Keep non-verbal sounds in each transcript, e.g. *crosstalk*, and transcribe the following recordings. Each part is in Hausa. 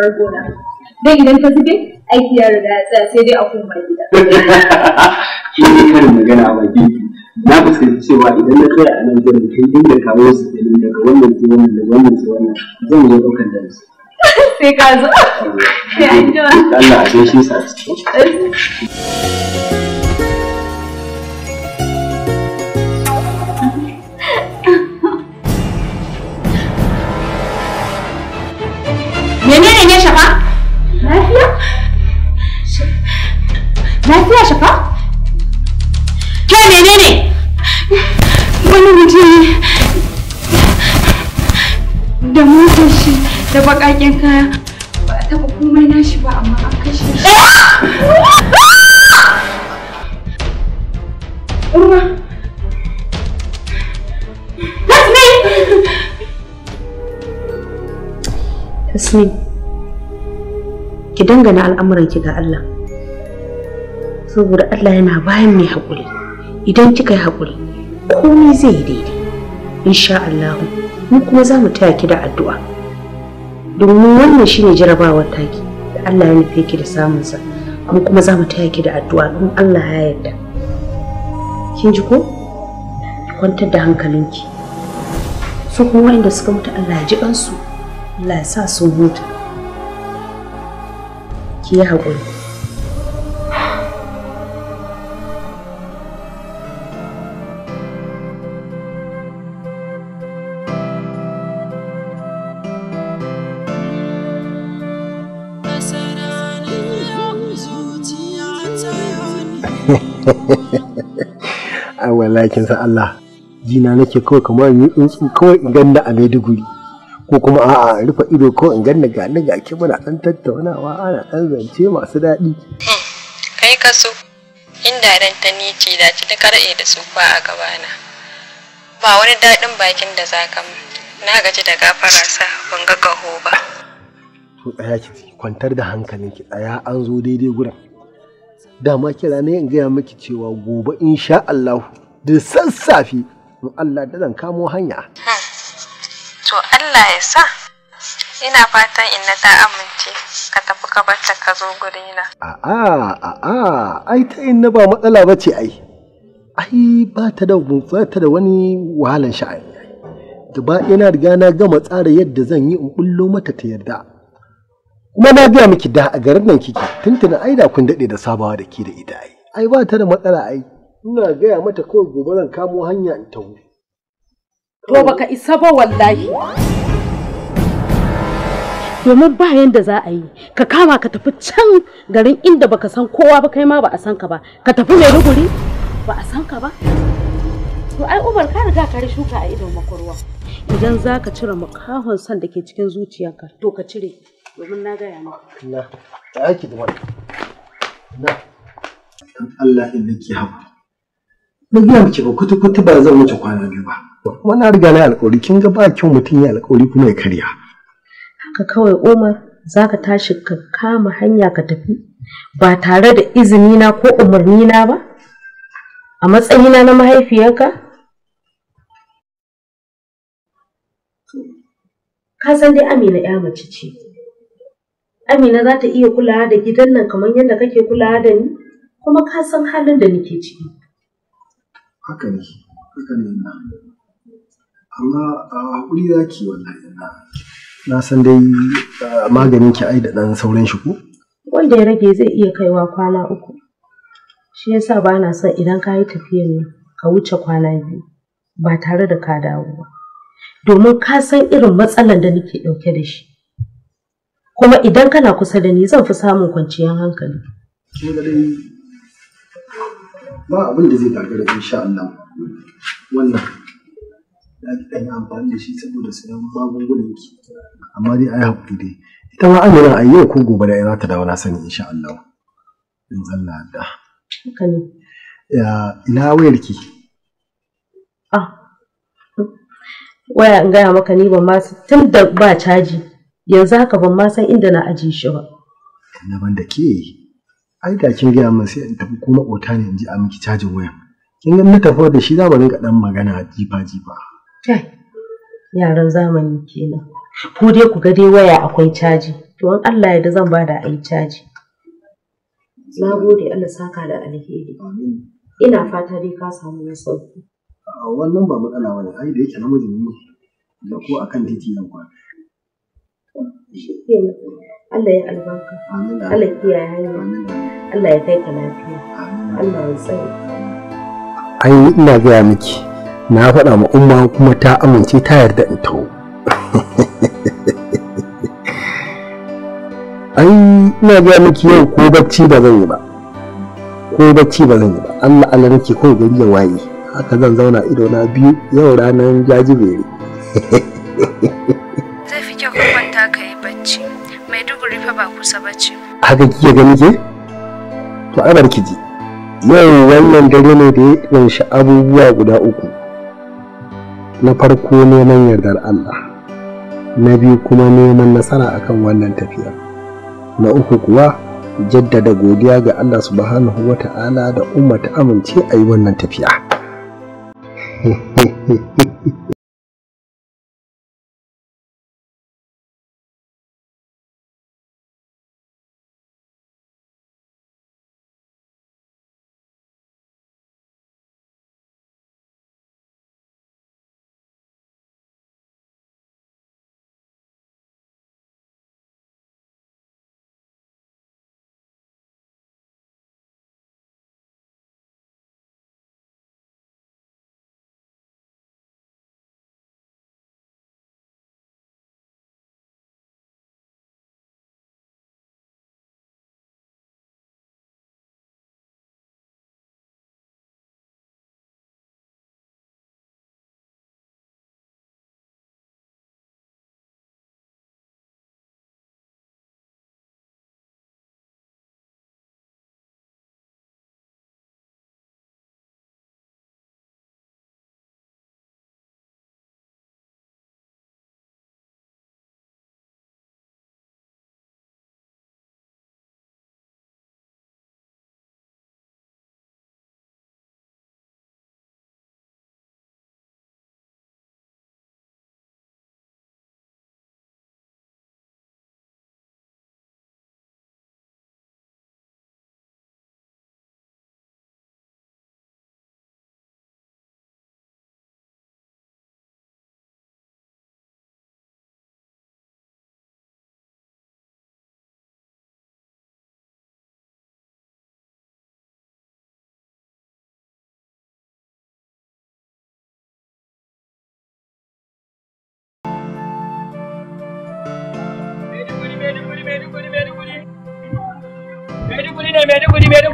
sharar gona dan idan ka zube aiki ya riga ya tsaya sai dai a koma gida *laughs* ki ne karin magana a baki na fuskanci cewa idan na kai a nan gurin kai da kawo su kenan daga wannan sai wannan daga wannan sai wannan zan zo ɗaukar su *laughs* sai ka zo *laughs* sai an Allah a shi sa ne shafa? Lafiya? shafa? Ke da shi da bakaken kaya ba a taba na shi ba amma an kashe shi. Eh! Ah! Uma. ki dangana al'amuranki ga Allah saboda Allah yana bayan mai haƙuri idan kika yi haƙuri komai zai yi daidai insha Allah mu kuma za mu taya ki da addu'a domin wannan shine jarabawar taki da Allah ya nufe ki da samun sa mu kuma za mu taya ki da addu'a don Allah ya yarda kin ji ko kwantar da hankalinki su kuma inda suka mutu Allah ya ji kansu Allah ya sa su huta ki yi haƙuri a *laughs* wallahi kin san Allah jina nake kawai kamar yi tsuntsu kawai in ganda a Maiduguri ko kuma a'a rufe ido ko in ganna ga ni ga ke muna ɗan tattaunawa ana ɗan zance masu daɗi. Hmm, kai ka so inda ran ta ni ce da ci ta karɗe da tsufa a gabana ba wani daɗin bakin da za ka na gaji da gafara sa ban ga gaho ba. to tsaya ki kwantar da hankalin ki tsaya an zo daidai gurin dama kira ne in gaya miki cewa gobe insha Allah da sassafe in Allah da zan kamo hanya. Hmm. to Allah ya sa ina fatan inna ta amince ka tafi ka barta ka zo gurina a'a a'a ai ta inna ba matsala ba ce ai ai ba ta da ba da wani wahalan sha'ani gaba ina riga na gama tsara yadda zan yi in bullo mata ta yarda kuma na gaya miki da a garin nan kike tuntuna ai da kun dade da sabawa da ke da ita ai ai ba ta da matsala ai ina gaya mata kawai gobe zan kamo hanya in tawo To baka isa ba wallahi. Domin ba yanda za a yi, ka kama ka tafi can garin inda baka san kowa ba kai ma ba a san ka ba, ka tafi Maiduguri ba a san ka ba. To ai Umar ka riga ka shuka a idon makwarwa. Idan za ka cire makahon san da ke cikin zuciyarka, to ka cire. domin na gaya maka. Na, ta aiki da wani. Na. Dan Allah in nake hawa. Na gaya miki ba kutu-kutu ba zan wuce kwana biyu ba. kuma riga na alƙawari kin ga ba kyau mutum ya alƙawari kuma ya karya haka kawai Umar zaka tashi ka kama hanya ka tafi ba tare da izini na ko umarni na ba a matsayina na mahaifiyarka ka san dai Amina ya mace ce Amina za ta iya kulawa da gidan nan kamar yadda kake kulawa da ni kuma ka san halin da nake ciki haka ne haka ne amma a hakuri za wallahi na san dai maganin ki ai da dan sauran shi ko wanda ya rage zai iya kaiwa kwana uku shi yasa ba na son idan ka yi tafiyar ne ka wuce kwana biyu ba tare da ka dawo ba domin ka san irin matsalar da nake ɗauke da shi kuma idan kana kusa da ni zan fi samun kwanciyar hankali ba abin da zai gagara insha Allah wannan za ki ɗan amfani da shi saboda sayan magungunan ki amma dai ai haƙuri dai ita ma amina a yau ko gobe da za ta dawo na sani insha Allah in Allah da ya ina wayar ki ah waya in gaya maka ni ban ma tun da ba caji yanzu haka ban ma san inda na ajiye shi ba na ban da ke ai da kin gaya min sai in tafi ko maƙota ne in ji a miki cajin wayan kin ga na tafi da shi za mu rinka dan magana jifa jifa yaran zamani kenan ku dai ku ga dai waya akwai caji to in Allah ya da zan bada ayi caji na gode Allah saka da alheri ina fata dai ka samu na sauki wannan ba matsala bane ai da yake namiji ne da ko akan titi nan kwa. Allah ya albarka Allah ya kiyaye hanya Allah ya kai ka lafiya Allah ya tsare ai ina gaya miki na faɗa ma umma kuma ta amince ta yarda in taho ai ina ga miki yau ko bacci ba zan yi ba ko bacci ba zan yi ba Allah Allah nake kawai gari ya waye haka zan zauna ido na biyu yau ranar jajibere zai fi kyau ka kwanta ka yi bacci mai duguri fa ba kusa bacci haka kike gani ke to ai barki ji yau wannan dare ne da ya ƙunshi abubuwa guda uku na farko neman yardar Allah na biyu kuma neman nasara akan wannan tafiya, na uku kuwa jaddada godiya ga Allah subhanahu wa ta'ala da umma ta amince a yi wannan tafiya *laughs*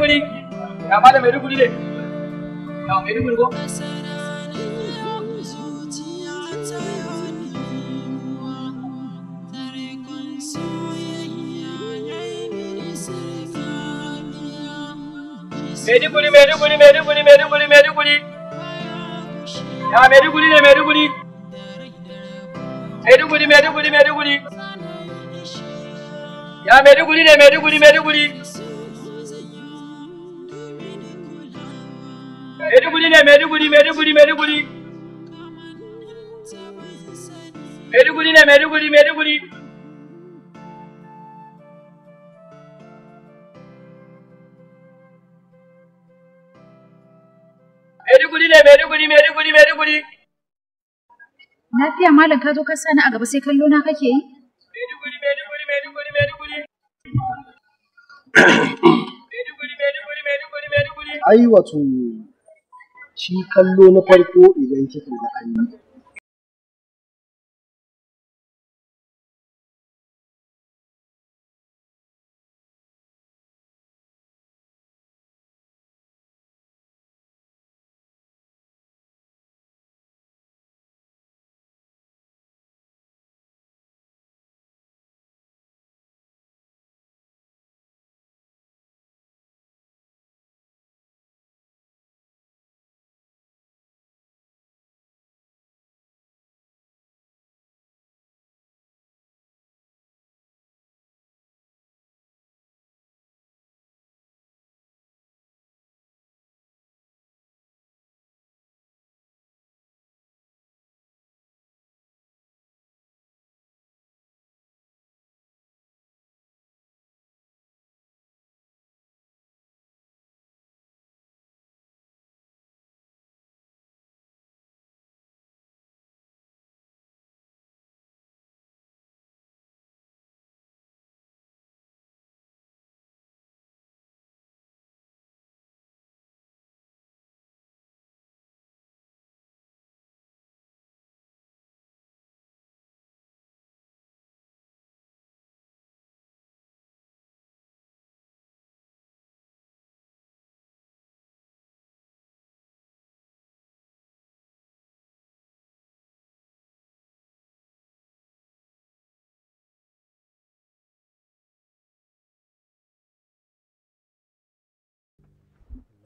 maiduguri ya ma da maiduguri ne ya maiduguri ko Maiduguri, Maiduguri, Maiduguri, Maiduguri, Maiduguri. Ya Maiduguri ne Maiduguri. Maiduguri, Maiduguri, Maiduguri. Ya Maiduguri ne Maiduguri, Maiduguri. Maiduguri ne Maiduguri Maiduguri Maiduguri Maiduguri ne Maiduguri Maiduguri Maiduguri ne Maiduguri Maiduguri Maiduguri Lafiya malam ka zo ka sani a gaba sai kallo na kake yi Maiduguri Maiduguri Maiduguri Maiduguri *coughs* Maiduguri Maiduguri Maiduguri Maiduguri Ai wato shi kallo na farko idan kika ga an yi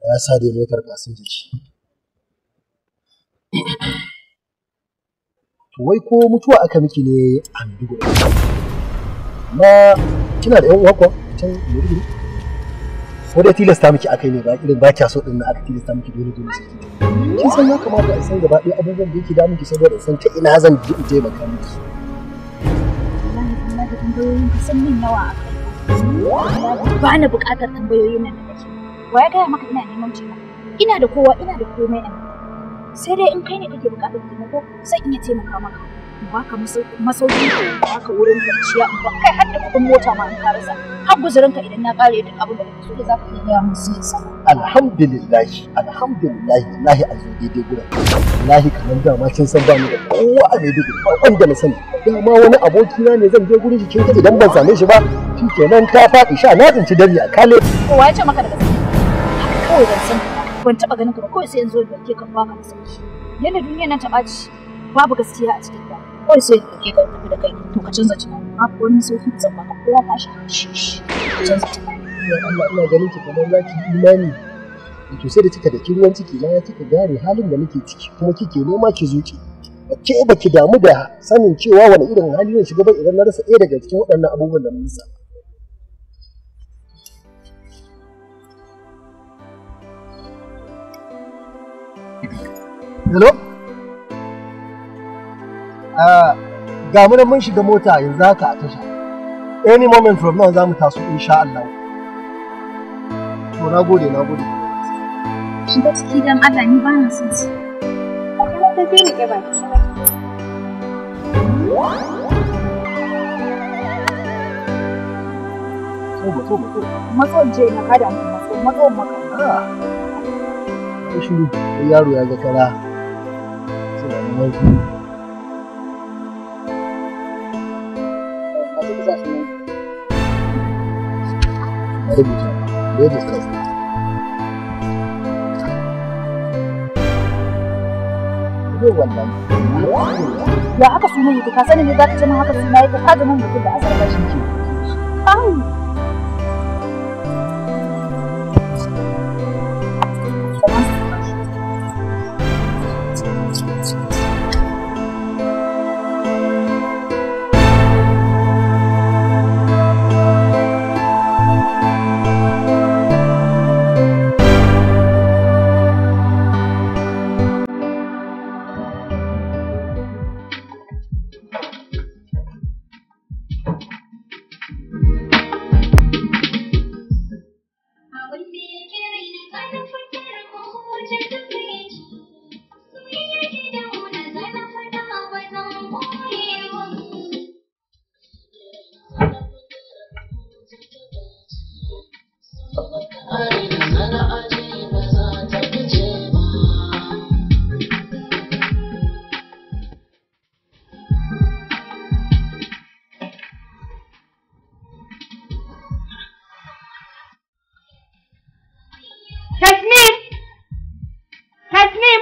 ya ya motar fasinja ce wai ko mutuwa aka miki ne a Maiduguri amma kina da yan uwa yi can ne? ko dai tilasta miki aka yi ne ba irin ba kya so din na aka tilasta miki dole dole sai kin san ya kamata in san gaba ɗaya abubuwan da yake damun ki saboda san ta ina zan je in taimaka miki wallahi ina da tambayoyin ka min nawa akai ba na buƙatar tambayoyin nan da kake Wa ya gaya maka ina neman taimako? Ina da kowa, ina da komai a Sai dai in kai ne kake buƙatar taimako, zan iya taimaka maka. In baka masauki, baka wurin kwanciya, in baka kai hadda da kuɗin mota ma in ka rasa. Har guzurinka idan na ƙare duk abin da kake so za ka iya gaya min sai sa. Alhamdulillah, alhamdulillah, wallahi a zo daidai gurin. Wallahi kamar dama kin san ba ni da kowa a daidai gurin, ba wanda na sani. Dama wani abokina ne zan je gurin shi kin idan ban same shi ba, shi kenan ta faɗi sha na tsinci dari a kale. Kowa ya ce maka da gaske. kawai ban san ban taɓa ganin ka ba kawai sai in zo da ke kan baka da sauki yadda duniya na taɓa ci babu gaskiya a cikin ta kawai sai in ɗauke ka tafi da kai to ka canza tunani babu wani sauki da zan baka kowa ka shi shi ka canza tunani ya Allah ina ganin ki kamar za ki imani to sai da kika da ruwan ciki na kika gane halin da nake ciki kuma kike nema ki zuci ke baki damu da sanin cewa wani irin hali ne shiga ba idan na rasa ɗaya daga cikin waɗannan abubuwan da mun saba hello ah, ga mu mun shiga mota yanzu haka a tasha any moment from now za mu taso insha Allah to na gode na gode shiga ciki dan Allah ni ba na son su kuma ta ni ke ba Toba, je na kada mu mato matso maka. Ah. Shiru, yaro ya ga kara. Ya haka sunan yake ka sani ne za ka ce haka suna yake ka ga mun mutum da azarba shi ke. Teknik. Teknik.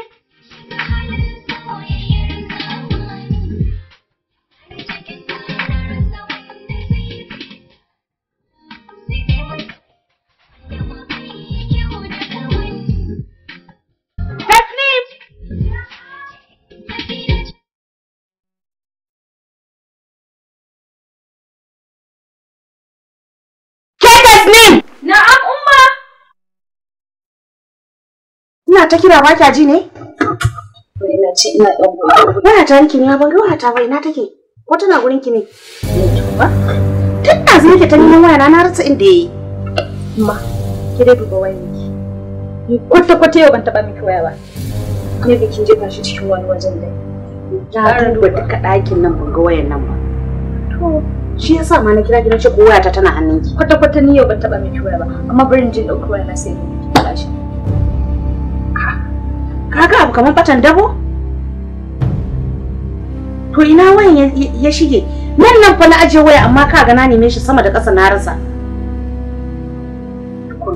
ta kira ba kya ji ne? Ina ta yanki ne ya ban waya ta bai na take. Ko tana gurin ki ne? Tun da zai ta nuna waya na rasa inda yayi. Ma, ki dai duba waya ki. Ni kwata kwata yau ban taɓa miki waya ba. Ne da kin jefa shi cikin wani wajen dai. Na duba duka ɗakin nan ban ga wayan nan ba. To, shi yasa ma na kira ki na ce ko wayata tana hannunki. Kwata kwata ni yau ban taɓa miki waya ba, amma bari jin je ɗauki waya na sai ki tashi. kaga abu kamar batan dabo to ina wayan ya shige nan nan fa na aje waya amma ka ga na neme shi sama da ƙasa na rasa kun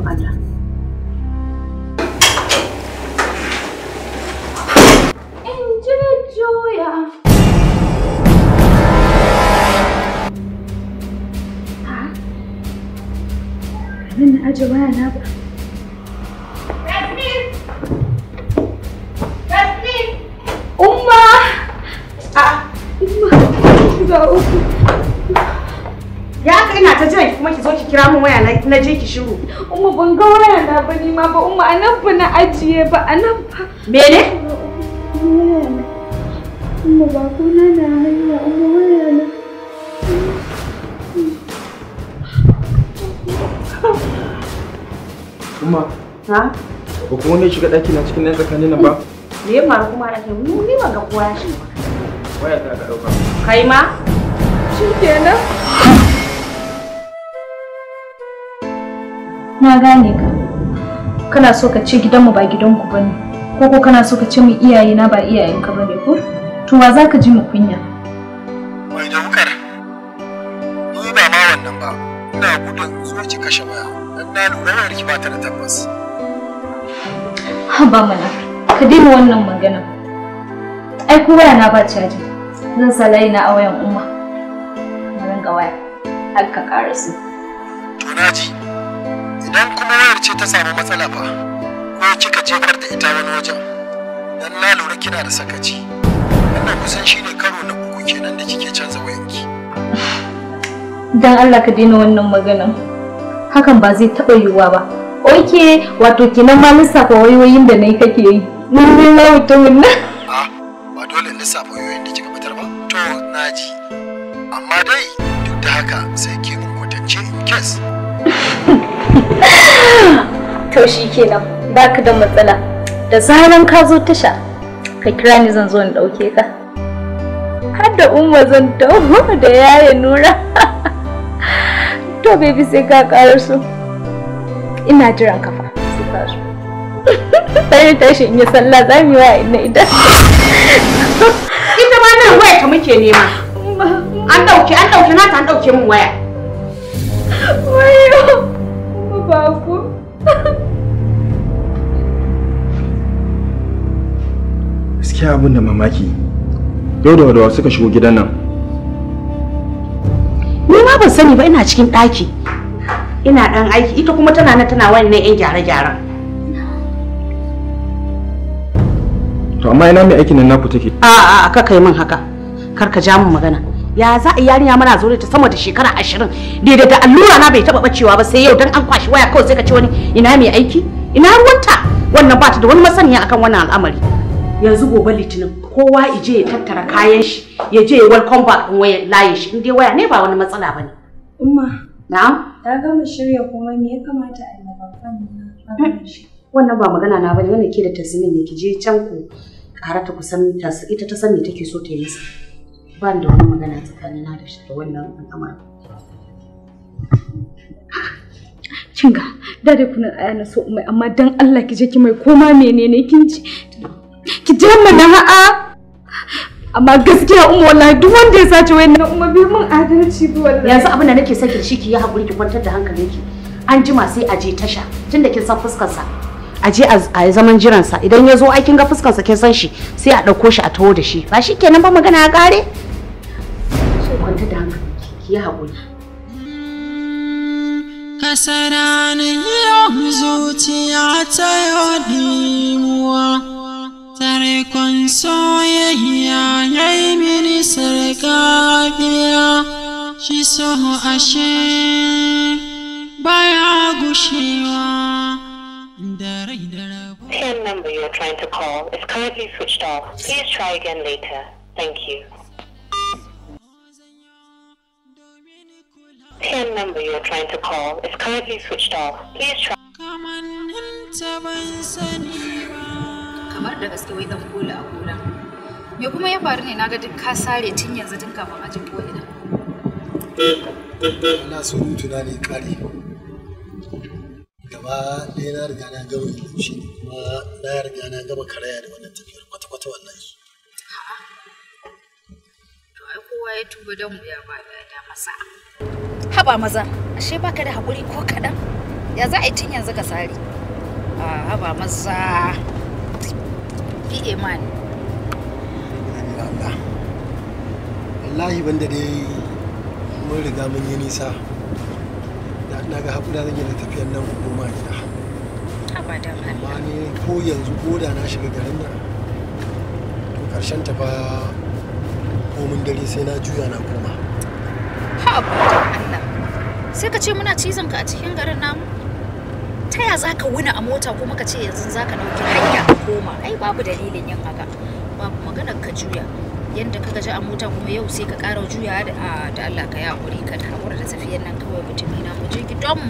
guda uku. Ya haka ina ta jiran ki kuma ki zo ki kira min waya na je ki shiru. Umma ban ga waya na ba ni ma ba umma a nan ba na ajiye ba a nan ba. Mene? Umma ba ko na na haihuwa umma waya na. Umma. Ha? Ba kuma wanda shiga ɗaki na cikin nan tsakanin nan ba? Me ya faru kuma ɗakin? Ni ban ga kowa ya shiga. Waya ta ka ɗauka. Kai ma? Shikenan. Na gane ka. Kana so ka ce gidanmu ba gidanku bane. Ko ko kana so ka ce mu iyayena ba iyayenka bane ko? To wa za ka ji mu kunya? Wai da wukar. Ni ba ma wannan ba. Ina gudun zo ki kashe waya. Dan na lura da ba ta da tabbas. Ha ba mana. Ka daina wannan magana. Ai ko waya na ba caji. Zan sa layi na a umma. har ka karasu. To na ji, idan kuma wayar ce ta samu matsala ba, ko kika jefar da ita wani wajen, dan na lura kina da sakaci. Wannan kusan shi ne karo na uku kenan da kike canza wayanki. Dan Allah ka daina wannan maganan. Hakan ba zai taɓa yiwuwa ba. Oke, wato kenan ma lissafa wayoyin da na yi kake yi. Ni ne na mutumin nan. Ah, ba dole lissafa wayoyin da kika fitar ba. To, na ji. Amma dai, da haka sai ke mun kwatance kes *laughs* to shi kenan ka da matsala da zaran ka zo tasha ka kira ni zan zo in dauke ka har da umma zan dawo *laughs* da yaya nura *laughs* to baby sai ka ƙara su ina jiran kafa sai ka zo sai tashi in yi sallah za mu yi wa ina idan ita ma nan waya ka muke nema An ɗauke an ɗauki nata an ɗauke min waya. Wayo ba ku. Gaskiya abin da mamaki. Yau da wadawa suka shigo gidan nan. Ni ma ban sani ba ina cikin ɗaki. Ina ɗan aiki ita kuma tana nan tana wannan 'yan gyare-gyaren. To amma ina mai aikin nan naku take? A'a a kakai min haka. Kar ka ja min magana. ya za a yarinya mana zo ta sama da shekara ashirin daidai da allura na bai taba bacewa ba sai yau dan an kwashi waya kawai sai ka ce wani ina mai aiki ina ruwanta wannan ba ta da wani masaniya akan wannan al'amari yanzu gobe litinin kowa ije ya tattara kayan shi ya je ya welcome back in waya layin shi in dai waya ne ba wani matsala bane umma na'am ta gama shirya komai me ya kamata a yi babban shi hmm. wannan ba magana na bane wannan ke da tasmin ne ki je can ku karata kusan ita ta san me take so ta yi ba da wani magana tsakanina da shi da wannan al'amari kin ga da dai kuna aya na so mai amma dan Allah ki je ki mai koma menene kin ji ki je na ha'a amma gaskiya umma wallahi duk wanda ya sace wayannan umma bi mun adalci bi wallahi yanzu abin da nake saki shi ki yi hakuri ki kwantar da ki? an jima sai a je tasha tunda kin san fuskar sa a je a zaman jiransa idan ya zo aikin ga fuskarsa kin san shi sai a ɗauko shi a taho da shi ba shi kenan ba magana ya ƙare ki haƙuri. Kasaranin yau zuciya ta yodimuwa, Tarikon soyayya ya yi mini sarƙaƙiya, shi soho ashe baya gushewa. da The number you are trying to call is currently switched off. Please try again later. Thank you. PIN number you are trying to call is currently switched off. Please try. Kamar da gaske wai dan kula a kula. Me kuma ya faru ne naga duk ka tun yanzu tun kafin ajin ko ina. Ina so mutu na kare. Gaba ɗaya na riga na gama shi kuma na riga na gama karaya da wannan tafiyar kwata-kwata wannan shi. To ai kowa ya tuba don mu ya ba da masa. haba maza ashe baka da haƙuri ko kaɗan ya za a yi tun yanzu ka sare a haba maza fi iman Allah wallahi banda dai mun riga mun yi nisa da na ga haƙura zan yi na tafiyar nan ko ma gida abadan amma ne ko yanzu ko da na shiga garin nan to karshen ta fa komin dare sai na juya na koma ha sai ka ce muna cizon ka a cikin garin namu ta ya za ka wuni a mota kuma ka ce yanzu za ka dauki hanya ka koma ai babu dalilin yin haka babu maganar ka juya yadda ka gaji a mota kuma yau sai ka ƙara juya da Allah ka yi hakuri ka haƙura da tafiyar nan kawai mutumi na mu je gidanmu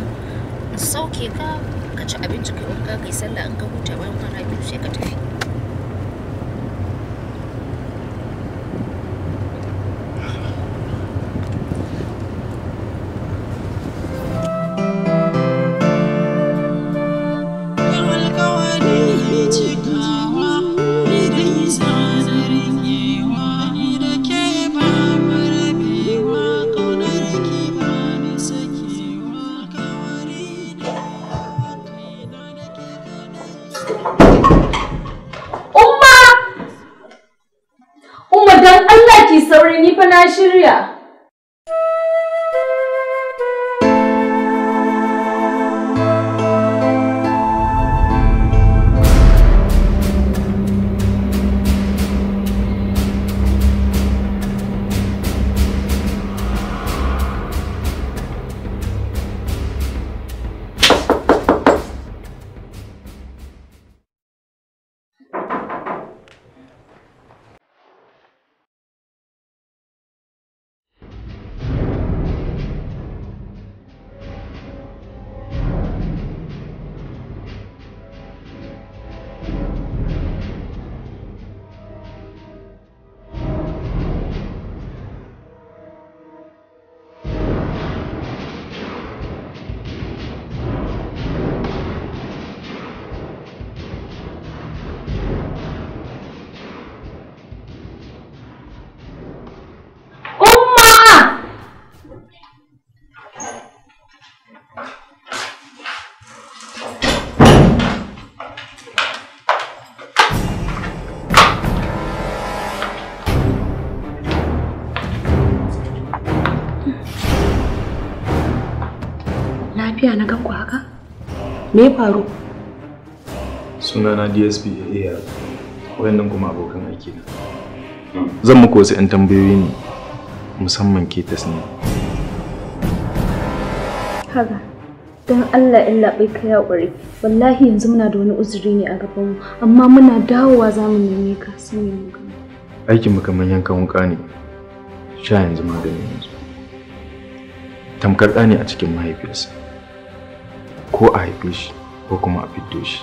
in sauke ka ka ci abinci ka wanka yi sallah in ka huta bayan kwana biyu sai ka tafi lafiya na ganku haka? Me ya faru? na DSP ya wayannan kuma abokan aiki na. Zan muku wasu 'yan tambayoyi ne musamman ke ne. Haka, don Allah in laɓai ka ya Wallahi yanzu muna da wani uzuri ne a gabanmu, amma muna dawowa za mu neme ka sai mu gani. Aikin mu kamar yankan wuka ne. Sha yanzu magani yanzu. Tamkar ɗani a cikin mahaifiyarsa. ko a haife shi ko kuma a fito shi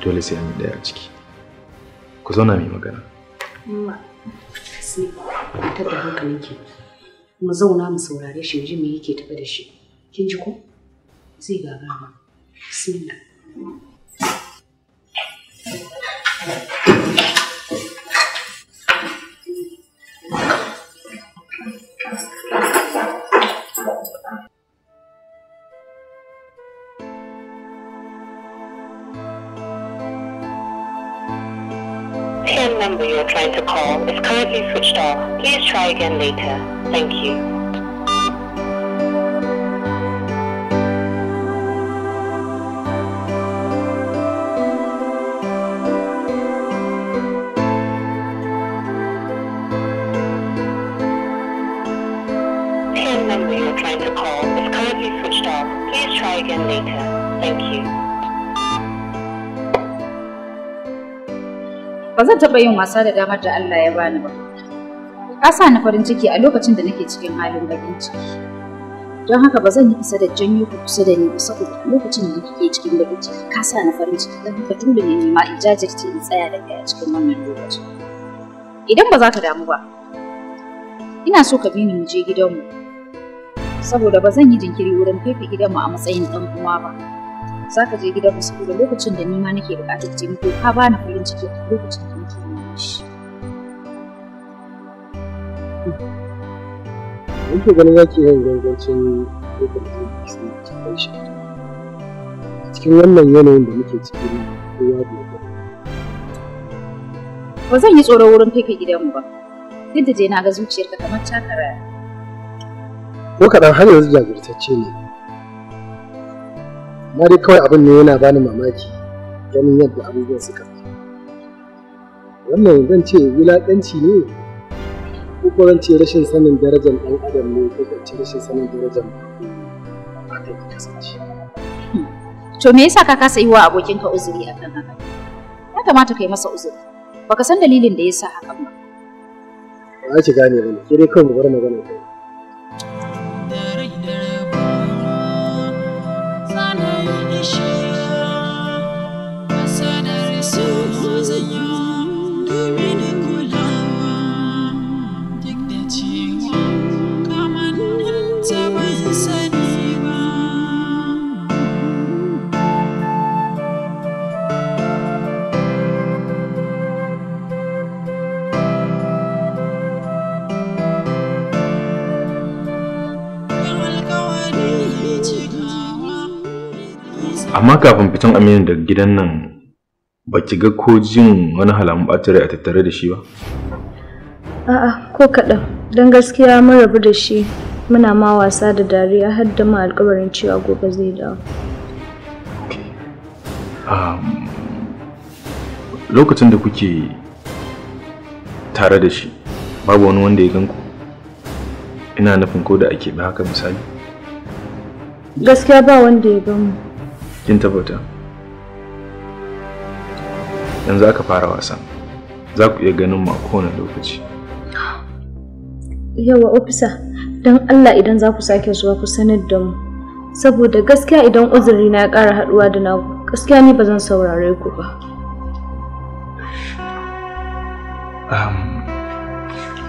dole sai an yi ɗaya a ciki ku zauna mai magana ta da hankalinki mu zauna mu saurare shi ji me yake tafi da shi kin ji ko zai gagara bismillah number you are trying to call is currently switched off. Please try again later. Thank you. The number you are trying to call is currently switched off. Please try again later. Thank you. ba zan taɓa yin wasa da damar da Allah ya bani ba. Ka sa ni farin ciki a lokacin da nake cikin halin bakin ciki. Don haka ba zan yi kusa da janyo ku kusa da ni ba saboda lokacin da nake cikin bakin ciki ka sa ni farin ciki don haka dole ne ma in jajirce in tsaya da kai a cikin wannan lokacin. Idan ba za ka damu ba, ina so ka bi mu je gidanmu. Saboda ba zan yi jinkiri wurin fefe gidanmu a matsayin ɗan uwa ba. za ka je gidan wasu da lokacin da ni ma nake buƙatar taimako ka ba ni farin ciki a lokacin da nake neman shi. gani za ke yin gangancin lokacin da su cikin shi. Cikin wannan yanayin da muke ciki ne kowa da ya Ba zan yi tsoron wurin kai ka gidanmu ba. Duk da je na ga zuciyarka kamar takara. Ko kaɗan har yanzu jajirtacce ne. amma dai kawai abin ne yana bani mamaki ganin yadda abubuwan suka fi wannan zan ce wulaƙanci ne ko ko ce rashin sanin darajar ɗan adam ne ko ko ce rashin sanin darajar mata yi kasance to me yasa ka kasa yi wa abokinka uzuri akan haka ya kamata kai masa uzuri baka san dalilin da yasa haka ba ba ki gane ba ne ke dai kawai mu bar magana kai amma kafin fitan aminu daga gidan nan ba ki ga ko jin wani halamun ɓacin rai a tattare da shi ba a'a ko kaɗan don gaskiya mun rabu da shi muna ma wasa da dariya har da ma alƙawarin cewa gobe zai dawo lokacin da kuke tare da shi babu wani wanda ya gan ku ina nufin ko da ake ba haka misali gaskiya ba wanda ya gan mu kin tabbata yanzu aka fara wasan za ku iya ganin mu a kowane lokaci yawa ofisa don allah idan za ku sake zuwa ku sanar da mu saboda gaskiya idan uzuri na ya ƙara haɗuwa da naku gaskiya ni ba zan saurare ku ba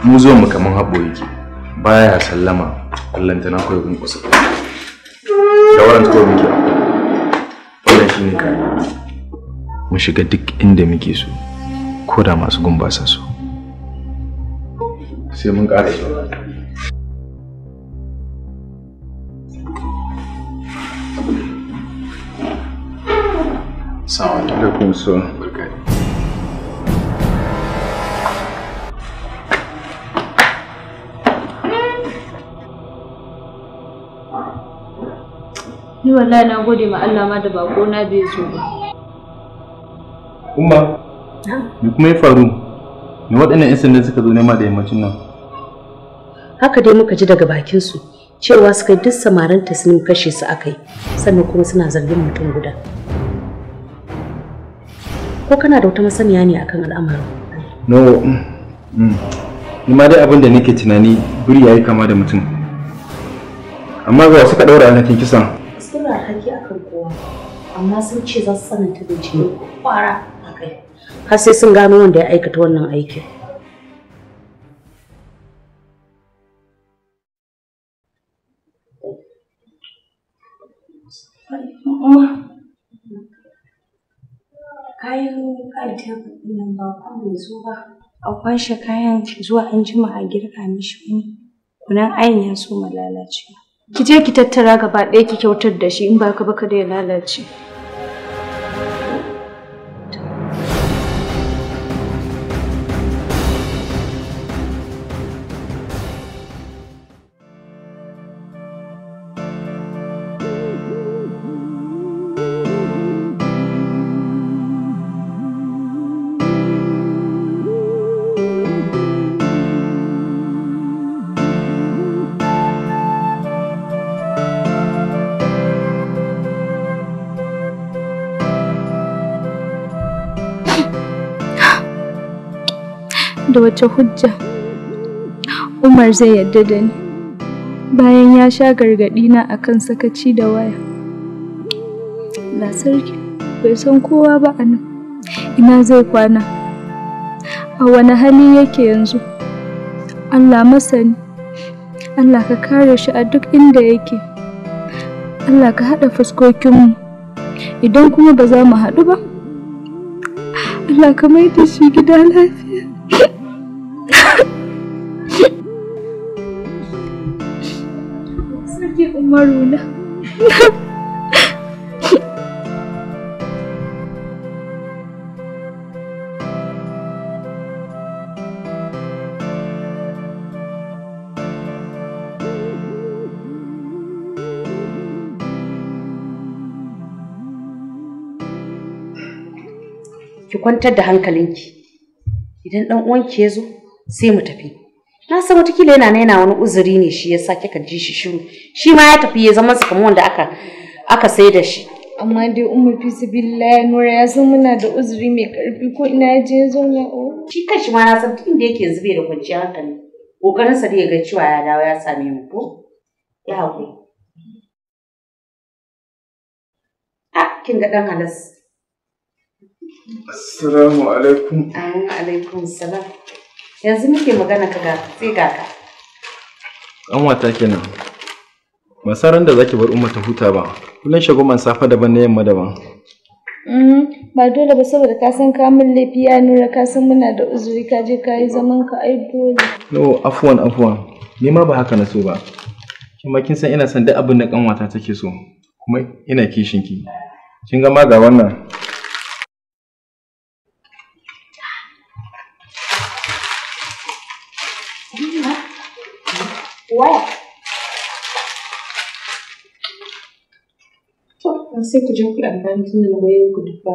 mu zo mu kaman haɓo yake baya sallama kullanta na koyi kun kusa da wurin kawai muke gare ka mu shiga duk inda muke so ko da masu gumba sa so sai mun ƙara zuwa Assalamu alaikum. Barka Ni wallahi na gode ma Allah ma da bako na bai zo ba. Umma, me kuma ya faru? Me waɗannan 'yan sanda suka zo nema da yammacin nan? Haka dai muka ji daga bakin su cewa suka duk samaran tasnim kashe su aka yi sannan kuma suna zargin mutum guda. Ko kana da wata masaniya ne akan al'amarin? No, mm, ni ma dai abin da nake tunani buri yayi kama da mutum. amma ba su ka ɗaura alhakin kisan amma sun ce za su sananta ne kwara a kai har sai sun gano wanda ya aikata wannan aikin kayan ƙarfin nan ba ku mai zo ba a kwashe kayan zuwa an jima a girka mishi wani kunan ayin ya so lalace ki je ki tattara gaba ɗaya ki kyautar da shi in ba ka ba ka da ya lalace da wace hujja Umar zai yarda da ni bayan ya sha gargaɗi na akan sakaci da waya. Na sarki bai san kowa ba a nan, ina zai kwana, a wani hali yake yanzu. Allah masani, Allah ka kare shi a duk inda yake, Allah ka haɗa fuskokinmu, idan kuma ba za mu haɗu ba, Allah ka mai da shi gida lafiya. umaru ki kwantar da hankalinki idan ɗan uwanki ya zo sai mu tafi na san watakila yana nena wani uzuri ne shi yasa kika ji shi shiru shi ma ya tafi ya zama su kamar wanda aka aka sai da shi amma dai umar su billahi nura ya san muna da uzuri mai karfi ko ina ya je zo na o shi shi ma na san tun da yake yanzu bai da kwanciyar hankali kokarin sa ya ga cewa ya dawo ya same mu ko ya haƙuri a kin ga dan halas assalamu alaikum alaikum salam yanzu muke magana ka ga sai ga ka an wata kenan masaran da zaki bar umma ta huta ba kullun man safa daban na yamma daban mm-hmm. ba dole ba saboda ka san ka min laifi ya nura ka san muna da uzuri ka je ka yi zaman ka ai dole no afwan afwan ni ma ba haka na so ba kuma kin san ina son duk abin da kanwata take so kuma ina kishin ki kin ga ma ga wannan waya to sai ku je ku amfani tun da wayoyin ku duk ba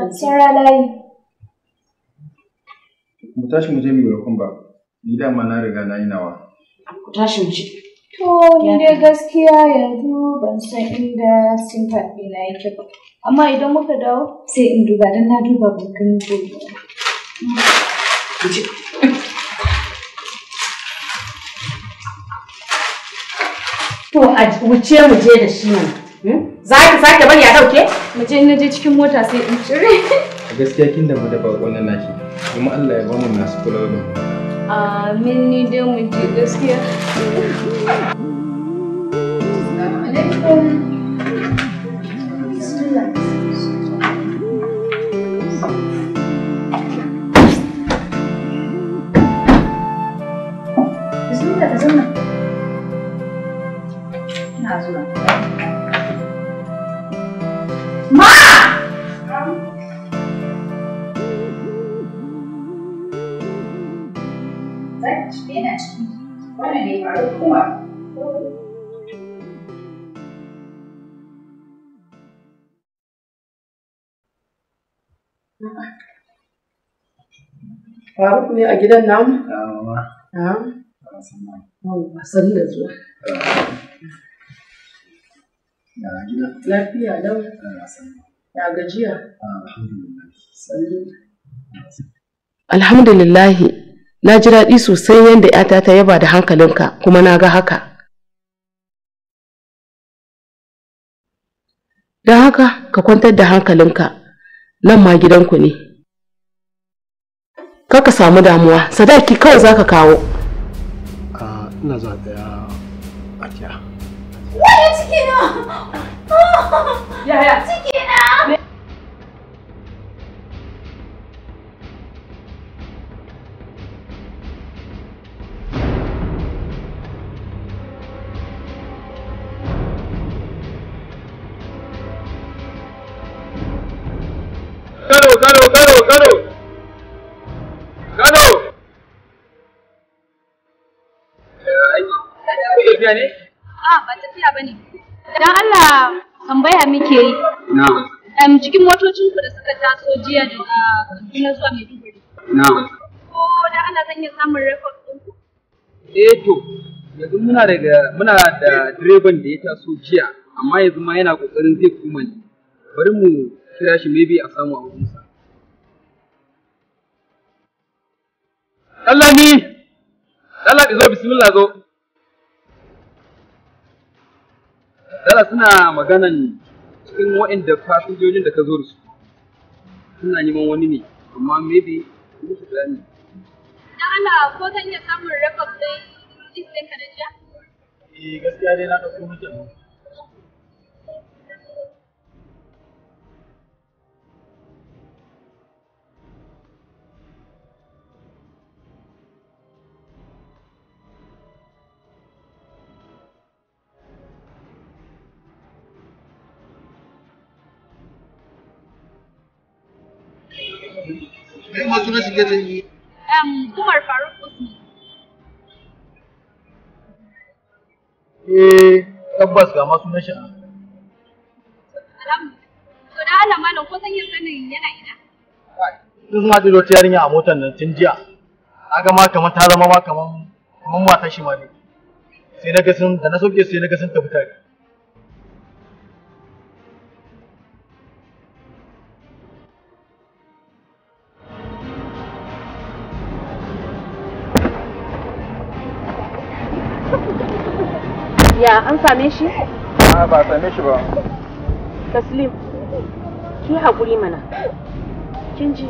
an layi mu tashi mu je mu yi ba ni dama na riga na yi nawa ku tashi mu je to ni dai gaskiya yanzu ban san inda simfa ɗina yake ba amma idan muka dawo sai in duba don na duba bukin gobe. Ku ce. To a wuce mu je da shi ne. Hmm? Za ki sake bari ya dauke? Mu je na je cikin mota sai in cire. Gaskiya kin da mu da bakon nan naki. Kuma Allah ya ba mu masu kula da mu. Amin ni dai mu je gaskiya. ina zuwa ma zaki ci yana ciki wannan ne faru kuma Faruk ne a gidan namu? Yawwa. da Ya gida. Lafiya lau. gajiya. Ah, alhamdulillah. Na ji daɗi sosai yadda ‘yata ta yaba da hankalinka kuma na ga haka. Don haka ka kwantar da hankalinka nan ma gidanku ne. Kaka samu damuwa, sadaki kawai za ka kawo. Ah, ina zuwa 呀呀！天呀呀！喽干喽干喽干喽！干喽！哎，你干 ba tafiya ba ne, dan Allah tambaya muke yi na'am cikin motocin ku da suka taso jiya daga Kaduna zuwa Maiduguri na'am ko dan Allah zan iya samun record din ku eh to yanzu muna daga muna da direban da ya taso jiya amma yanzu ma yana kokarin zai kuma ne bari mu kira shi maybe a samu a wurinsa Allah ni Allah zo bismillah zo dala suna maganan cikin waɗanda fasinjojin da ka zo da su suna neman wani ne amma maybe kuma su gani na Allah ko zan iya samun record din din ka da jiya eh gaskiya dai na ɗauko mutum Kai ma sunan shi gajin yi. Umar Faruk Usman. Eh, tabbas ga masu nashi shi. To da Allah malam ko san yin sanin yana ina. Sun ma dilo yin a motar nan tun jiya. Aga ma kamar ta zama ma kamar kamar matar shi ma ne. Sai na ga sun da na sauke sai na ga sun tafi tare. an same shi? Ah, a ba same shi ba taslim ki haƙuri mana kin ji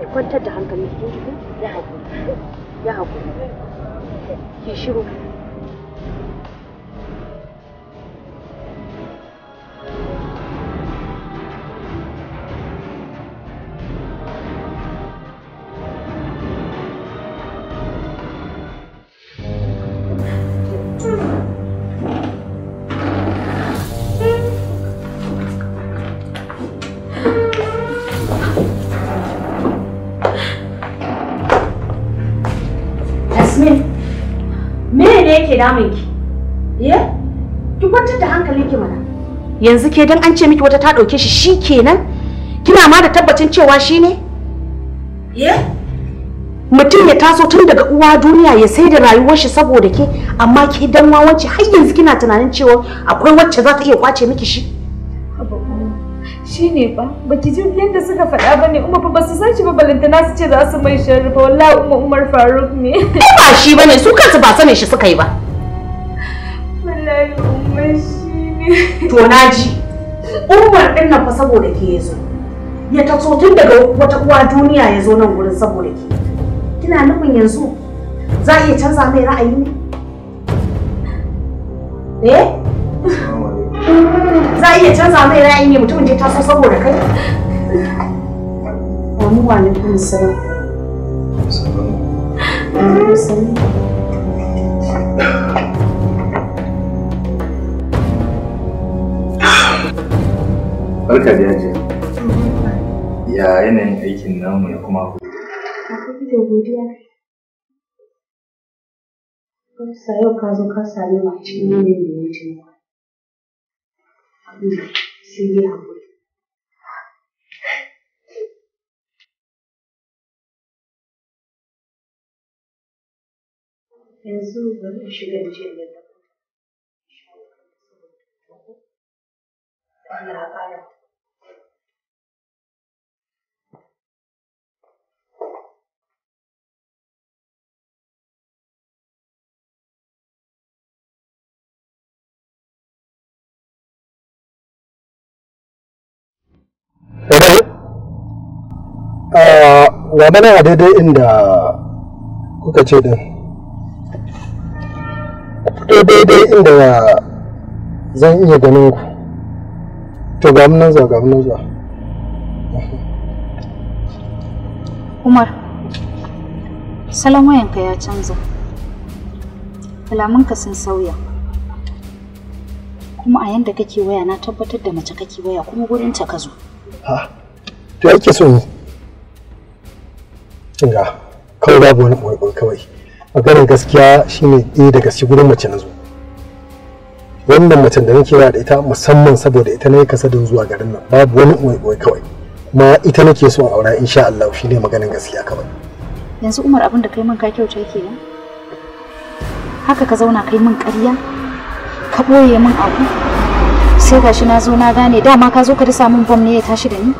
ki kwantar da hankali kin ji ya haƙuri ya haƙuri ki shiru Ye? Ki kwantar da mana. Yanzu ke dan an ce miki wata ta dauke shi shi kenan? Kina ma da tabbacin cewa shi ne? Ye? Mutum ya taso tun daga uwa duniya ya sai da rayuwar shi saboda ke amma ki dan wawanci har yanzu kina tunanin cewa akwai wacce za ta iya kwace miki shi? shi ne ba baki ji yadda suka faɗa ba ne umar ba su san shi ba balantana su ce za su mai sharri ba wallahi umar faruk ne ba shi ba ne su kansu ba sanin shi suka yi ba to na ji umar din nan fa saboda ke yazo ya taso tun daga wata uwa duniya ya zo nan gurin saboda ke kina nufin yanzu za a iya canza mai ra'ayi ne eh za a iya canza mai ra'ayi ne mutum da ya taso saboda kai wani wani kun sarar sarar Barka da yaji. Ya yanayin aikin namu ya kuma ku. Akwai da godiya. Kafsa yau ka zo ka same mu a cikin yanayin da ya ce ba. Abin sai dai haƙuri. yanzu bari in shiga da jiya da Allah ya ƙara Wadai, ga bana a daidai inda kuka ce din. Fito daidai inda zan iya ganin ku. To ga nan zuwa ga nan zuwa. Umar, salon wayanka ya canza. Alamunka sun sauya. Kuma a yanda kake waya na tabbatar da mace kake waya kuma gurinta ka zo. ha to yake so ne kinga kawai babu wani ɓoye kawai maganar gaskiya shine ɗaya eh, daga cikin gurin mace na zo wannan macen da nake da ita musamman saboda ita ne kasadin zuwa garin nan babu wani ɓoye kawai kuma ita nake so aura insha Allah shine maganar gaskiya kawai yanzu Umar abin da kai min ka kyauta yake ne haka ka zauna kai min ƙarya ka ɓoye min abu sai gashi na zo na gane dama ka zo ka dasa min bom ne ya tashi da ni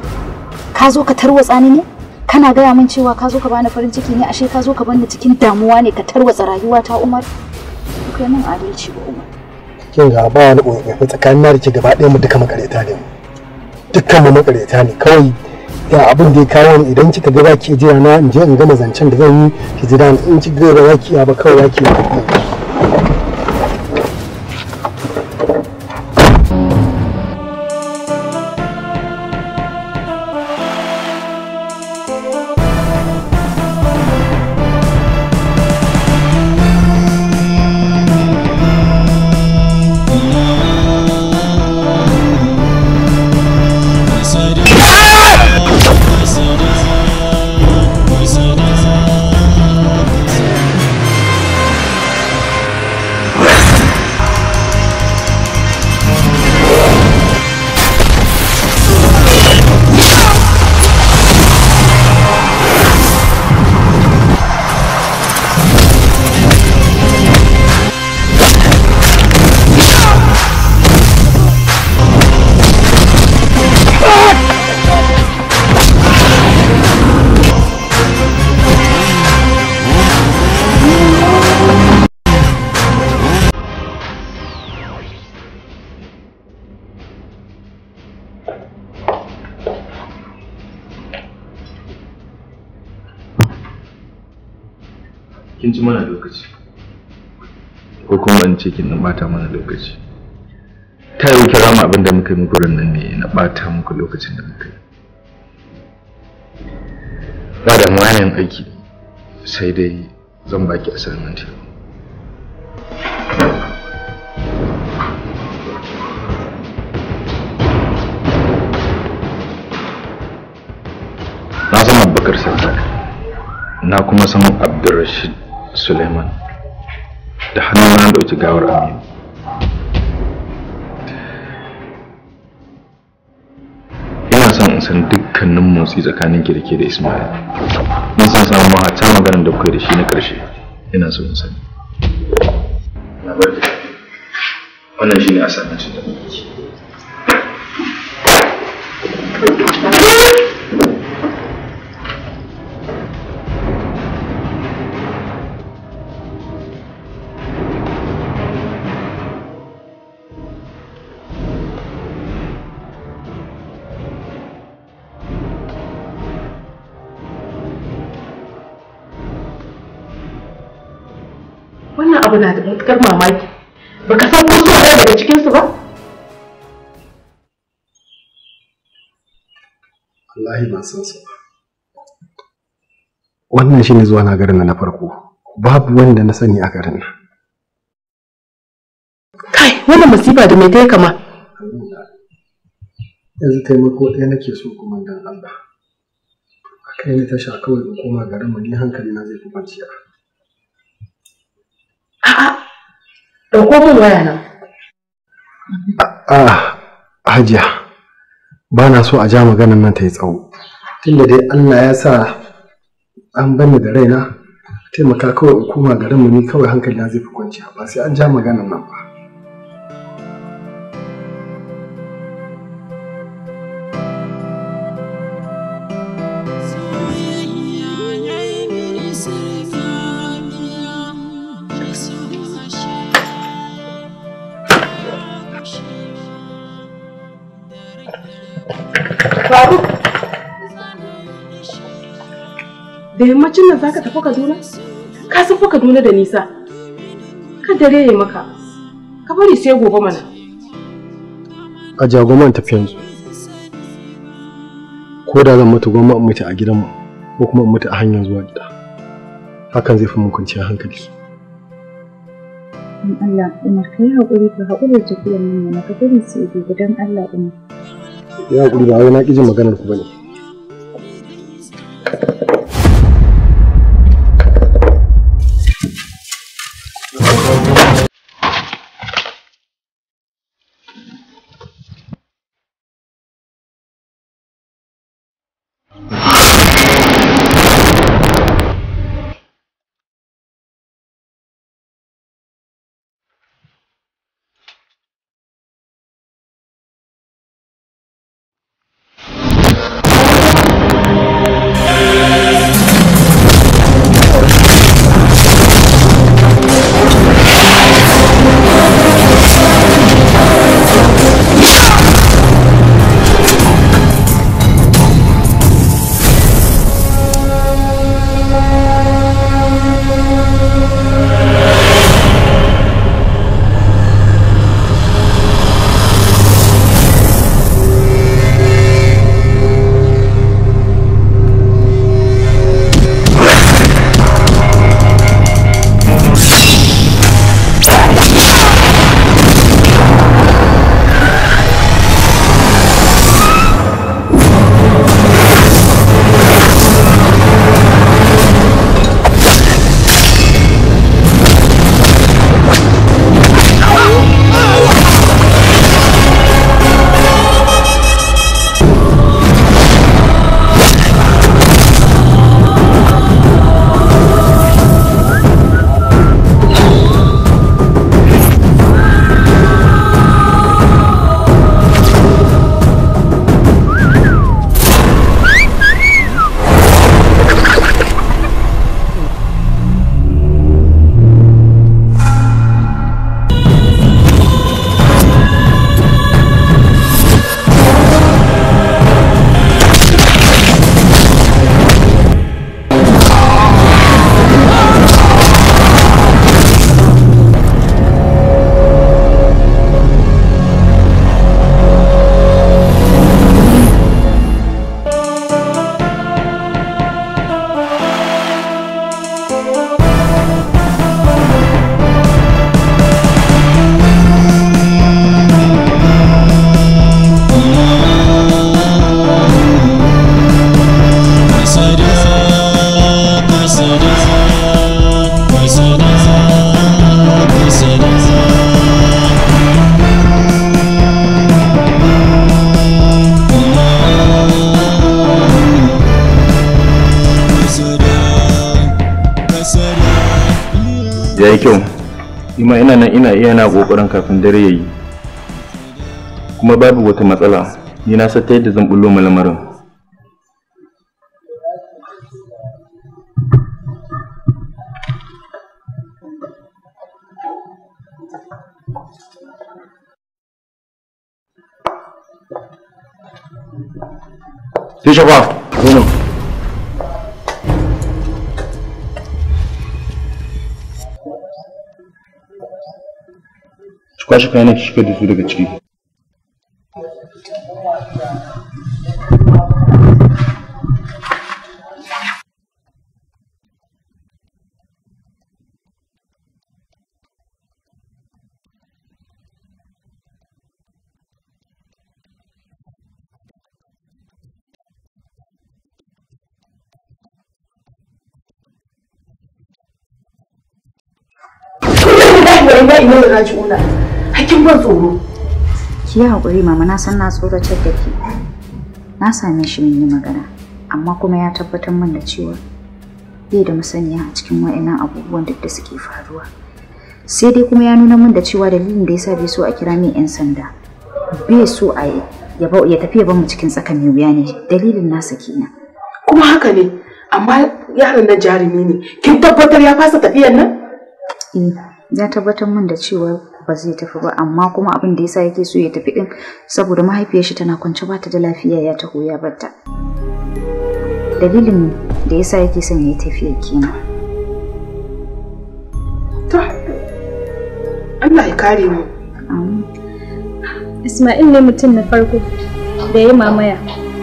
ka zo ka tarwatsa ni ne kana gaya min cewa ka zo ka bani farin ciki ne ashe ka zo ka bani cikin damuwa ne ka tarwatsa rayuwa ta Umar kai nan adalci ba Umar kin ga ba wani koyi tsakanin na rike gaba ɗaya mu duka makareta ne dukkan mu makareta ne kawai da abin da ya kawo ni idan kika ga baki jira na in je in gama zancen da zan yi ki jira in kika ga baki ba kawai baki ya kin ci mana lokaci ko kuma in ce kin bata mana lokaci ta yi kira mu abin da muka yi muku nan ne na bata muku lokacin da muka yi ba da mayan aiki sai dai zan baki assignment na san abubakar sarki na kuma san abdulrashid suleiman da hannun na ɗauki gawar aminu ina son in san dukkanin motsi tsakanin ki da ke da ismail in san samun ma hata maganar da kuka da shi na ƙarshe ina so in sani wannan shi ne a da muke Thank you. matukar mamaki baka san ko zuwa daga cikinsu ba Allah ban san su wannan shine zuwa na garin na farko babu wanda na sani a garin kai wannan masifa da mai kai kama yanzu taimako ɗaya nake so kuma dan Allah a kai ni tasha kawai in koma garin mu ni hankali na zai kuma kwanciya Da min waya nan. Ah, Hajiya, ba na so a ja maganan nan ta yi tsawo. Tunda dai Allah ya sa an bani da raina, taimaka kawai in koma garinmu ni kawai hankali na zai fi kwanciya ba sai an ja maganan nan ba. da yammacin nan zaka tafi Kaduna ka san fa Kaduna da nisa ka dare ya maka ka bari sai gobe mana a jagoman tafi yanzu ko da zan mutu goma in mutu a gidanmu ko kuma in mutu a hanyar zuwa gida hakan zai fi mun kwanciyar hankali in Allah Umar kai hakuri ka hakuri ta nan mana ka bari sai gobe don Allah Umar ya haƙuri ba wai na kiji jin maganar ku bane ya yi kyau ima ina nan ina iya na kokarin kafin dare ya yi kuma babu wata matsala ni na sata yadda zan bullo malamarin. lamarin Deixa eu tashi kayana ki shigar da su daga ciki lillahi wa inna ban tsoro ki yi haƙuri mama na san na tsoratar da ke na same shi min yi magana amma kuma ya tabbatar min da cewa bai da masaniya a cikin wa'annan abubuwan duk da suke faruwa sai dai kuma ya nuna min da cewa dalilin da yasa bai so a kira min 'yan sanda bai so a ya tafi ya bar mu cikin tsakan wuya ne dalilin nasa kenan kuma haka ne amma yaron nan jarumi ne kin tabbatar ya fasa tafiyar nan eh ya tabbatar min da cewa ba zai tafi ba amma kuma abin da yasa yake so ya tafi din saboda mahaifiyar shi tana kwance ba ta da lafiya ya taho ya barta dalilin da yasa yake son ya tafi kenan to Allah ya kare mu Ismail ne mutum na farko da ya mamaya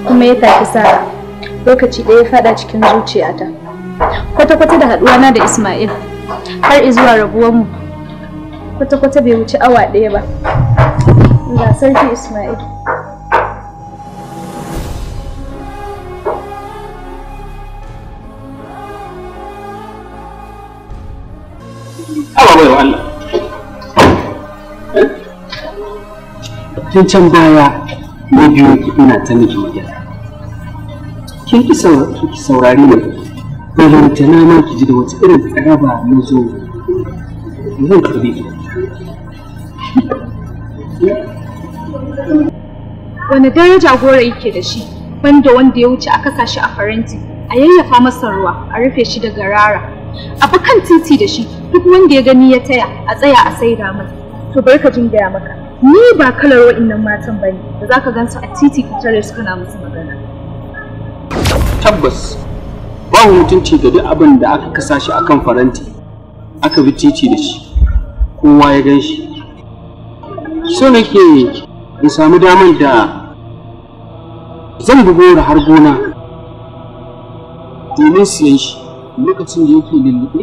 kuma ya tafi sa'a lokaci da ya fada cikin zuciyata kwata-kwata da haɗuwana da Ismail har izuwa mu kwata-kwata bai wuce awa ɗaya ba ga sarki ismail tun can baya na biyu ina ta miki magana kin ki saurari ne ba lantana ma ki ji da wata irin tsaraba na zo zan karbe ki wani daraja goro yake da shi banda wanda ya wuce a kasashe a faranti a yayyafa masa ruwa a rufe shi da garara abu kan titi da shi duk wanda ya gani ya taya a tsaya a saida mai to bar ka jin gaya maka ni ba kalar wa'innan matan bane da zaka gansu a titi ka tare su kana musu magana tabbas ba mutunci ga duk abin da aka kasa shi akan faranti aka bi titi da shi kowa ya gan shi so nake in samu damar da zan bugo da har gona domin siyan shi lokacin da yake lullube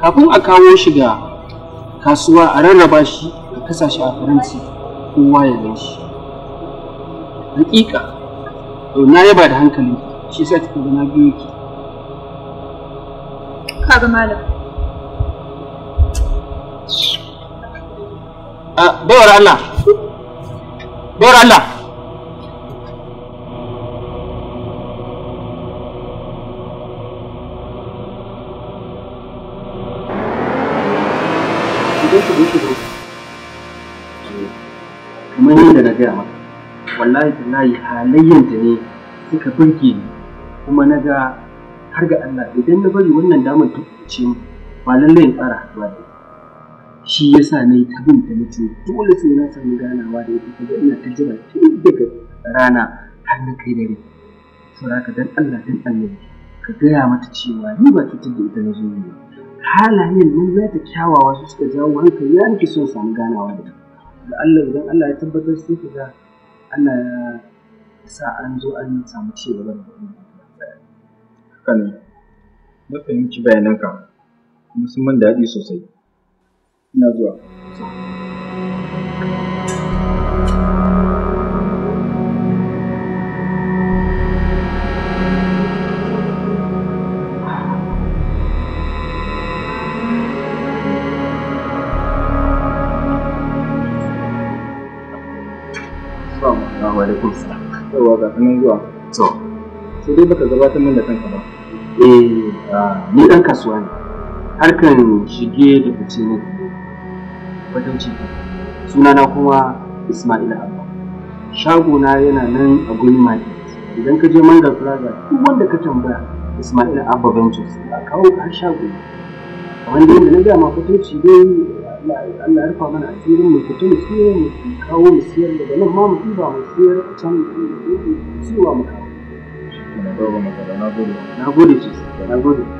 kafin a kawo shi ga kasuwa a rarraba shi a kasashe a faransi kowa ya gan shi hakika na yaba da hankali shi sa kika ga na biyo ki kaga malam a ah, bawar Allah bawar Allah wallahi tallahi da ne suka burge ni kuma na ga har ga Allah idan na bari wannan damar ta kuce mu ba lallai in ƙara haɗuwa da shi yasa na yi tabin da mutum dole sai na samu ganawa da ita kaga ina ta jira tun daga rana har na kai dare saboda ka dan Allah dan Allah ka gaya mata cewa ni ba cutar da ita na zo ne halayen nan za ta kyawawa su suka jawo hankali ya nake son samu ganawa da ita da Allah idan Allah ya tabbatar sai ka ga Ana sa an zo an samu ci gaba da haka ne na fahimci bayananka kuma sun man daɗi sosai ina zuwa kun fita yawa ga nan zuwa to sai dai baka gabatar min da kanka ba eh ah, ni dan kasuwa ne harkan shige da fice ne suna na kuma Ismail Abba shago na yana nan a Green Market idan ka je Manga Plaza duk wanda ka tambaya Ismail Abba Ventures a kawo ka shago kamar da na ga ma kwatanci dai Allah ya rufa mana asirin mu fito mu kawo mu siyar daga nan ma mu mu siyar a can mu ciwa mu Na gode na gode.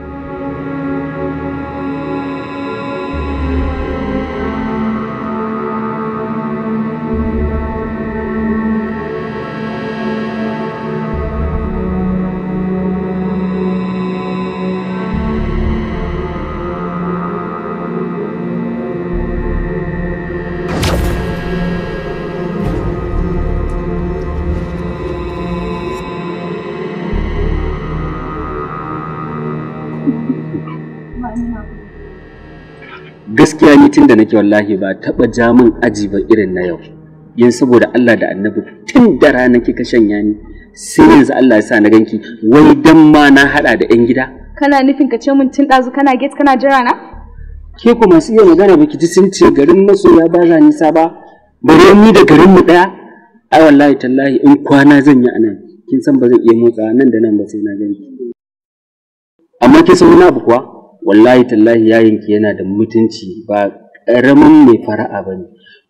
tun da nake wallahi ba taɓa ja min aji ba irin na yau yin saboda Allah da annabi tun da rana kika shanya ni sai yanzu Allah ya sa na ganki wai dan ma na haɗa da 'yan gida kana nufin ka ce mun tun ɗazu kana gate kana jira na ke ko masu iya magana ki ji sun ce garin masoya ba za nisa ba bare ni da garin mu daya ai wallahi tallahi in kwana zan yi anan kin san ba zan iya motsa nan da nan ba sai na ganki amma ke san wani kuwa wallahi tallahi yayin ki yana da mutunci ba ƙaramin mai fara'a ba ne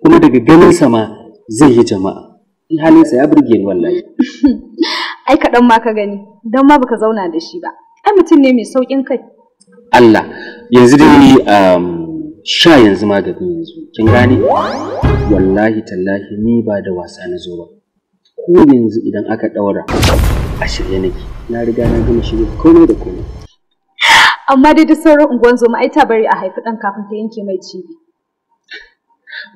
kuma daga ganin sama zai yi jama'a in halinsa ya burge ni wallahi *laughs* ai kaɗan ma ka gani don ma baka zauna da shi ba ai mutum ne mai saukin kai Allah yanzu dai um, sha yanzu ma magani yanzu kin gane wallahi tallahi ni ba da wasa na zo ba ko yanzu idan aka ɗaura a shirye nake na riga na gama shirye komai da komai amma dai duk sauran unguwan zoma ai ta bari a haifi ɗan kafin ta yanke mai cibi.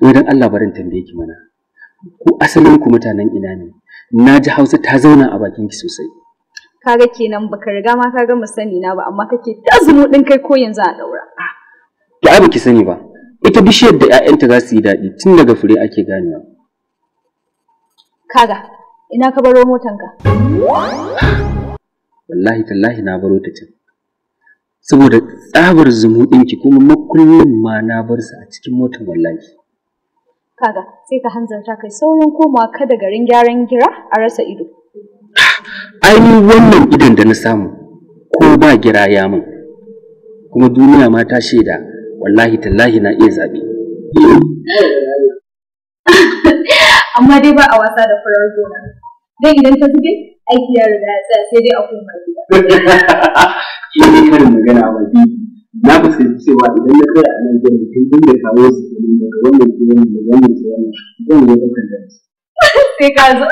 Wai don Allah barin tambaye ki mana. Ku asalin ku mutanen ina ne? Na ji Hausa ta zauna a bakin ki sosai. Kaga kenan baka riga ma ka gama sani na ba amma kake ta zumu kai ko yanzu a ɗaura. To ai baki sani ba. Ita bishiyar da 'ya'yanta za su yi daɗi tun daga fure ake ganewa. Kaga ina ka baro motanka. Wallahi tallahi na baro ta can. saboda tsabar ki kuma makullin ma na bar sa a cikin motar wallahi kaga sai ka hanzarta kai saurin komawa kada garin gyaran gira a rasa ido ai wannan idon da na samu ko ba gira ya min kuma duniya ma ta shaida wallahi tallahi na iya zaɓe amma dai ba a wasa da furar gona dai idan ta zube aiki ya riga ya tsaya sai dai a koma gida. *laughs* Shi ne karin magana a waje. Na fuskanci cewa idan na kai a nan zan mutum tun da kawo su daga wannan da wannan *laughs* Sai ka zo.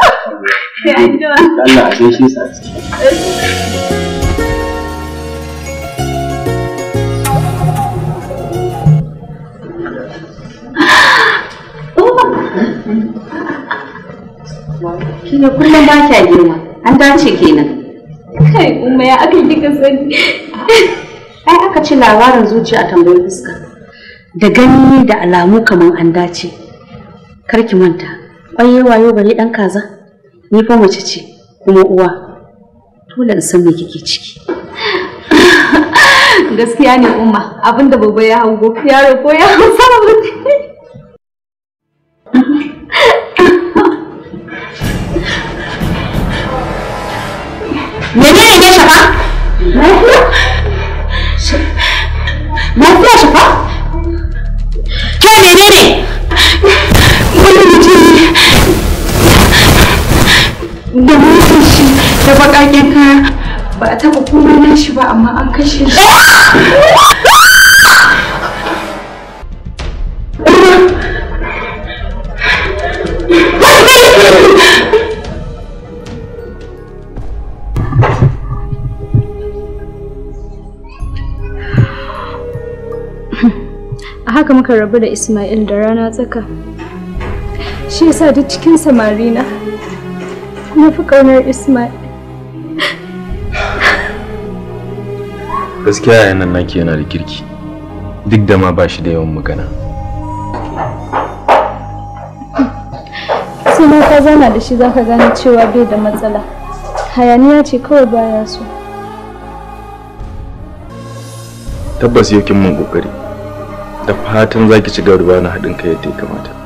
ne kullum ba ta girma. an dace kenan kai kuma ya aka kika sani ai aka ci labarin zuciya a tambayin fuska da gani da alamu kamar an dace karki manta kwaye wayo bare dan kaza ni fa mace ce kuma uwa dole in san me kike ciki gaskiya ne umma abinda babba ya hango yaro ko ya hausa mutum shi ba amma an kashe shi a haka muka rabu da Ismail da rana tsaka shi yasa duk cikin samarina na fi ƙaunar Ismail gaskiya yayin nan naki yana da kirki duk da ma ba shi da yawan magana sai ka zana da shi zaka gane cewa bai da matsala hayaniya ce kawai baya so tabbas yau mun kokari da fatan zaki ci gaba da bani haɗin kai yadda ya kamata